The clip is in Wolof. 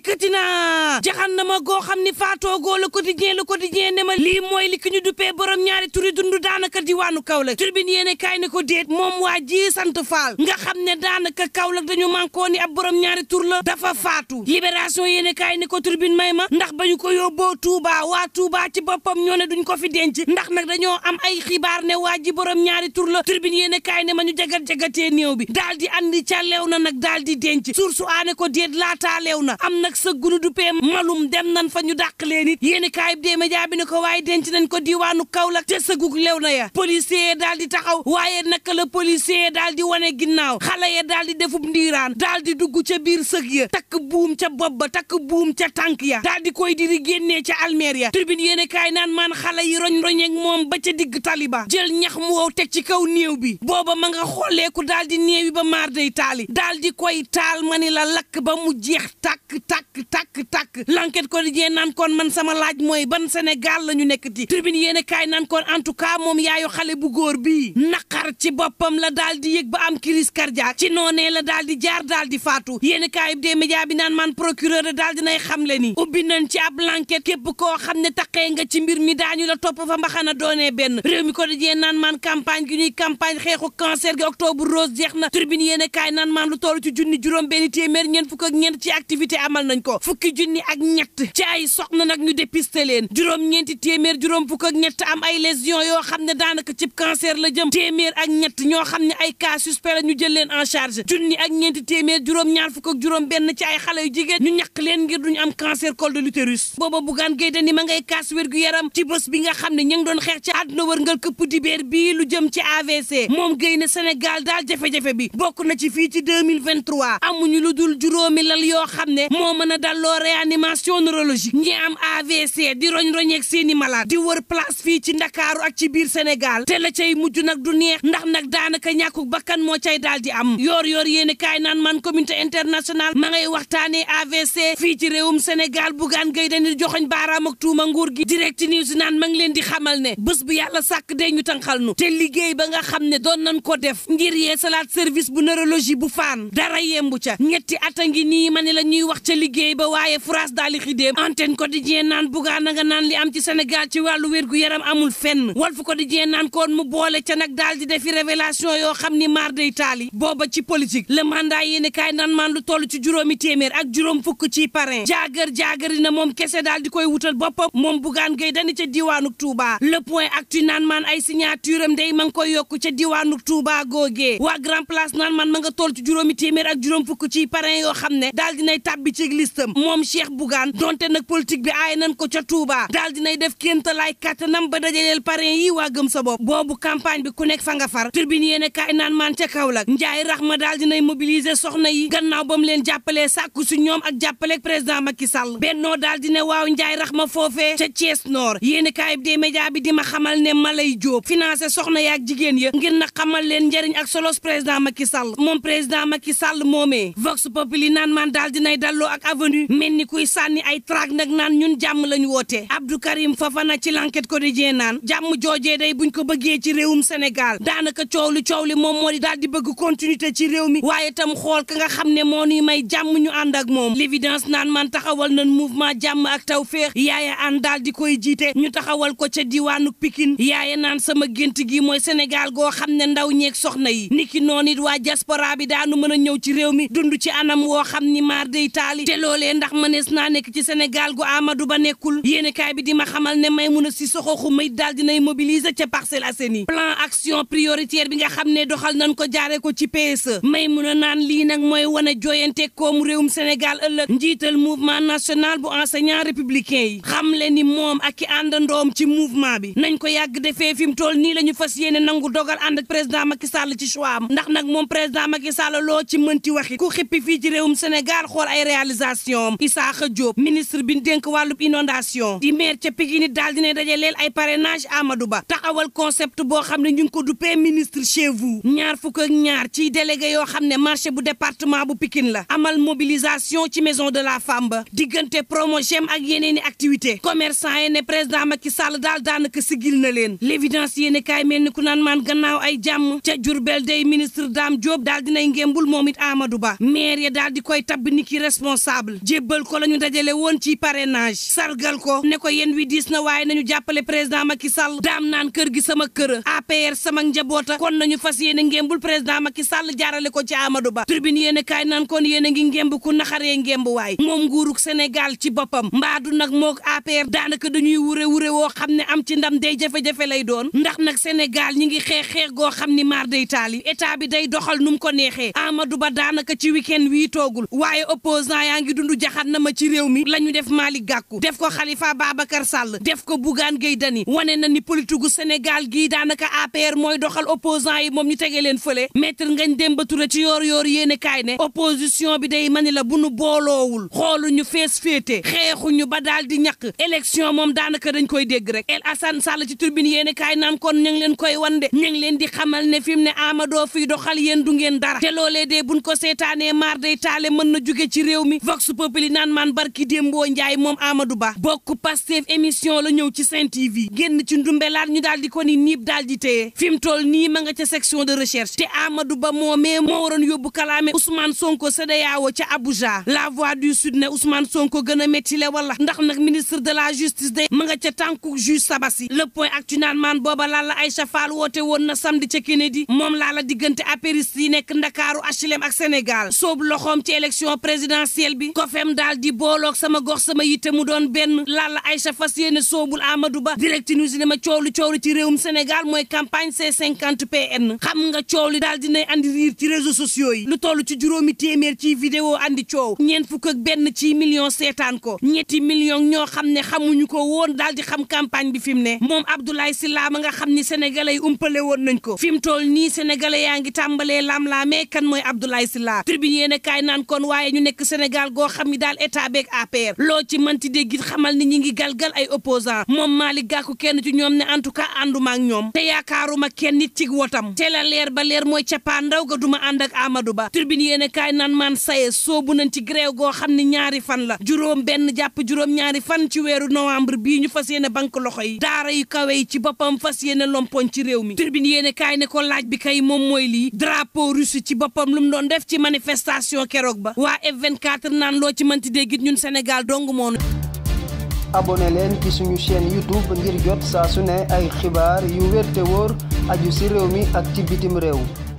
dikkati naa jaxannama goo xam ni faatoogoo le quotidien le quotidien ne ma lii mooy li ki ñu dupee borom ñaari turi dund daanaka diwaanu Kaolack turbine yéene kaay ne ko déet moom waa ji sant faal nga xam ne daanaka Kaolack dañu mànkoo ni ab borom ñaari tur la dafa faatu libération yéene kaay ne ko turbine may ma ndax ba ñu ko yóbboo Touba waa Touba ci boppam ñoo ne duñ ko fi denc ndax nag dañoo am ay xibaar ne waa ji borom ñaari tur la turbine yéene kaay ne ma ñu jagat jagatee néew bi daal di andi ca leew na nag daal di denc source aane ko déet laataa leew na am na nag sa gunu dupee malum dem nan fa ñu dàq leen it yéen i kaayib bi ne ko waaye denc nañ ko diwaanu Kaolack te sa gug lew na ya policier daal di taxaw waaye naka la policier daal di wane ginnaaw xale ya daal di defub ndiiraan daal di dugg ca biir sëg ya takk buum ca bopp ba takk buum ca tànk ya daal di koy diri génnee ca almeer ya tribune yéen i naan maan xale yi roñ-roñeeg moom ba ca digg taliba jël ñax mu wow teg ci kaw néew bi booba ma nga xolleeku daal di néew ba maar day daal di koy taal ma la lakk ba mu jeex tàkk tàkk tàkk tàkk l'enquête quotidien naan kon man sama laaj mooy ban Sénégal la ñu nekkati tribune yéen kaay naan kon en tout cas moom yaayu xale bu góor bii naqar ci boppam la daal di yëg ba am crise cardiaque ci noonee la daal di jaar daal di faatu yéen kaay bi des médias naan man procureur daal dinay xamle ni ubbi nañ ci ab l'enquête képp koo ne taqee nga ci mbir mi daañu la topp fa mbaxana doonee benn réew mi quotidien man campagne gi ñuy xeexu cancer gi octobre rose jeex na tribune yéen kaay naan man lu toll ci junni juróom benn téeméer ñeent fukk ak ñeent ci activité amal nañ ko fukki junni ak ñett ci ay soxna nag ñu dépister leen juróom-ñeenti téeméer juróom fukk ak ñett am ay lésions yoo xam ne daanaka cib cancer la jëm téeméer ak ñett ñoo xam ne ay cas suspect la ñu jël leen en charge junni ak ñeenti téeméer juróom-ñaar fukk ak juróom benn ci ay xale yu jigéen ñu ñàkk leen ngir duñu am cancer col de l'utérus booba bugaan géy dani ma ngay kaas wér gu yaram ci bés bi nga xam ne ña ngi doon xeex ci àdduna wërngal këpp dibéer bii lu jëm ci AVC moom géy ne Sénégal daal jafe-jafe bi bokk na ci fii ci 2023 amuñu lu dul juróomi lal yoo xam ne moom mën a dalloo réanimation neurologique ñi am AVC di roñ-roñeeg seeni malade di wër place fii ci ndakaaru ak ci biir Sénégal te la cay mujj nag du neex ndax nag daanaka ñàkku bakkan moo cay daal di am yoor yoor yéeni kaay naan man communauté international ma ngay waxtaanee AVC fii ci réewum Sénégal bugaan gay dañuy joxoñ baaraam ak tuuma nguur gi direct news naan ma leen di xamal ne bés bu yàlla sàkk dee ñu tànqal nu te liggéey ba nga xam ne doon nañ ko def ngir yeesalaat service bu neurologie bu faan dara yembu liggéey ba waaye France daal di xidéem antenne quotidien naan bugaan na nga naan li am ci Sénégal ci wàllu wér-gu-yaram amul fenn Walf quotidien naan koon mu boole ca nag daal di defi révélation yoo xam ni maar day taali booba ci la le mandat yéeni kaay naan maan lu toll ci juróomi téeméer ak juróom fukk ci parrain jaagar jaagari na moom kese daal di koy wutal boppam moom bugaan gay dani ca diwaanuk Touba le point actu naan maan ay signature am day ma ngi koy yokku ca diwaanuk Touba googee waa grand place naan maan ma nga toll ci juróomi téeméer ak juróom fukk ci parrain yoo xam ne daal dinay tàbbi ci listam moom Cheikh Bougane donte nag politique bi aay nan ko ca Touba daal dinay def kéntalaay kattanam ba dajaleel parrain yi waa sa bopp boobu campagne bi ku nekk fa nga far turbine yéene kaay naan maan ca Kaolack Njaay Rahma daal dinay mobiliser soxna yi gannaaw ba mu leen jàppalee sàkku si ñoom ak jàppaleeg président Macky Sall bennoo daal dina waaw Njaay Rahma foofee ca Thiès Nord yéene kaay bi dee média bi di ma xamal ne Malay Diop financé soxna yaak ya ngir na xamal leen njëriñ ak solos président Macky Sall moom président Macky Sall moomee Vox Populi naan maan avenue mel ni kuy sànni ay traag nag naan ñun jàmm lañ woote Abdou Karim Fafana ci l'enquête ko di naan jàmm joojee day buñ ko bëggee ci réewum senegal daanaka coow li coow li moom moo di daal di bëgg continuité ci réew mi waaye tam xool ka nga xam ne moo ni may jàmm ñu ànd ak moom l'évidence naan man taxawal nañ mouvement jàmm ak taw feex yaaye an daal di koy jiite ñu taxawal ko ca diwaanu pikin yaaye naan sama gént gi mooy Sénégal goo xam ne ndaw ñeeg soxna yi niki noonu it waa diaspora bi daanu mën a ñëw ci réew mi dund ci anam woo xam ni te loolee ndax mënees naa nekk ci Sénégal gu amadu Ba nekkul yéenekaay bi di ma xamal ne may mun a si Maïmouna Sissoko Khoumay daal nay mobiliser ca Parcelles ni plan action prioritaire bi nga xam ne doxal nañ ko jaaree ko ci e. may mun a naan lii nag mooy wane jooyante koomu réewum Sénégal ëllëg njiital mouvement national bu enseignant républicain yi xam le ni moom ak i àndandoom ci mouvement bi nañ ko yàgg defee fi mu toll nii la ñu fas yéene nangu dogal ànd président Macky Sall ci choix ndax nag moom président Macky Sall loo ci mënti waxi ku xippi fii ci réewum Sénégal xool ay réalisations canalisation Isaaxa Diop ministre bi dénk wàllub inondation di maire ca Pikine daal dina dajaleel ay parrainage Amadou Ba taxawal concept boo xam ne ñu ngi ko duppee ministre chez ñaar fukk ñaar ci délégué yoo xam ne marché bu département bu Pikine la amal mobilisation ci maison de la femme ba diggante promogem ak yeneen i activité commerçant yi ne président Macky Sall daal daanaka sigil na leen l'évidence yéene kaay mel ni ku naan maan gannaaw ay jàmm ca Jurbel day ministre Dame responsable jébbal ko la ñu dajale woon ci parrainage sargal ko ne ko yéen wi diis na waaye nañu jàppale président Macky Sall daam naan kër gi sama kër APR sama njaboota kon nañu fas yéene ngémbul président Macky Sall jaarale ko ci Amadou Ba tribune yéene kaay naan kon yéene ngi ngémb ku naxaree ngémb waay moom nguuruk Sénégal ci boppam mbaadu nag mook APR daanaka dañuy wure wure woo xam ne am ci ndam day jafe-jafe lay doon ndax nag Sénégal ñi ngi xeex xeex goo xam ni maar day taali état bi day doxal nu ko neexee maa ngi dund jaxat na ma ci réew mi la ñu def Malick gàkku def ko Khalifa Babacar Sall def ko Bougane Gueye Dany wane na ni politique gu Sénégal gii daanaka APR mooy doxal opposant yi moom ñu tegee leen fële maître Ngagne Demba Touré ci yoor yoor yéene kaay ne opposition bi day mani la bu nu booloowul xoolu ñu fees féete xeexuñu ba daal di ñakk élection moom daanaka dañ koy dégg rek El Assane Sall ci tribune yéene kaay naan kon ñu leen koy wande de leen di xamal ne fi mu ne Amadou fiy doxal yéen du dara te loolee de ko seetaanee maar day taale mën na jóge ci réew mi vox populi naan maan barki boo njaay moom Amadou Ba bokk Pastef émission la ñëw ci Sen TV génn ci ndumbelaat ñu daal di ko ni niib daal di téye fi mu toll nii ma nga ca section de recherche te Amadou Ba moomee moo waroon yóbbu kalaame Ousmane Sonko CEDEAO ca Abuja la voix du sud ne Ousmane Sonko gën a métti le ndax nag ministre de la justice day ma nga ca tànku juge Sabassi le point ci naan maan booba Lalla Aïcha Fall woote woon na samedi ca Kennedy moom laa la diggante apériste yi nekk Ndakaaru HLM ak Sénégal soobu loxoom ci élection présidentielle bi kofem daal di booloog sama gox sama yitte mu doon benn Lalla Aïcha fas yéene soobul amadu Ba direct news ne ma coow lu coow li ci réewum Sénégal mooy campagne C50 PN xam nga coow li daal dinay andi riir ci réseaux sociaux yi lu toll ci juróomi téeméer ci vidéo andi coow ñeen fukk ak benn ci million seetaan ko ñetti million ñoo xam ne xamuñu ko woon daal di xam campagne bi fi mu ne moom Abdoulaye Sylla ma nga xam ni sénégalais umpale woon nañ ko fi mu toll nii sénégalais yaa ngi tàmbalee lam-laamee kan mooy Abdoulaye Sylla tribune yéen a kaay naan waaye ñu nekk Sénégal galgal goo xam ni daal état beeg APR loo ci mënti dégg it xamal ni ñi ngi galgal ay opposant moom Malick Gakou kenn ci ñoom ne en tout cas ànduma ak ñoom te yaakaaruma kenn nit ci wotam te la leer ba leer mooy capaa ndaw ga duma ànd ak Amadou Ba turbine yéen kaay naan maan saye soobu nañ ci goo xam ni ñaari fan la juróom benn jàpp juróom ñaari fan ci weeru novembre bii ñu fas yéene banque loxo yi daara yi kawe yi ci boppam fas yéene lompoñ ci réew mi turbine yéen kaay ne ko laaj bi kay moom mooy lii drapeau ci boppam lu mu doon def ci manifestation keroog ba waa F24 naan loo ci mënti dégg it ñun Sénégal dong moonu abonné leen ci suñu chaîne YouTube ngir jot saa su ne ay xibaar yu wér woor wóor aju ci réew mi ak ci bitim réew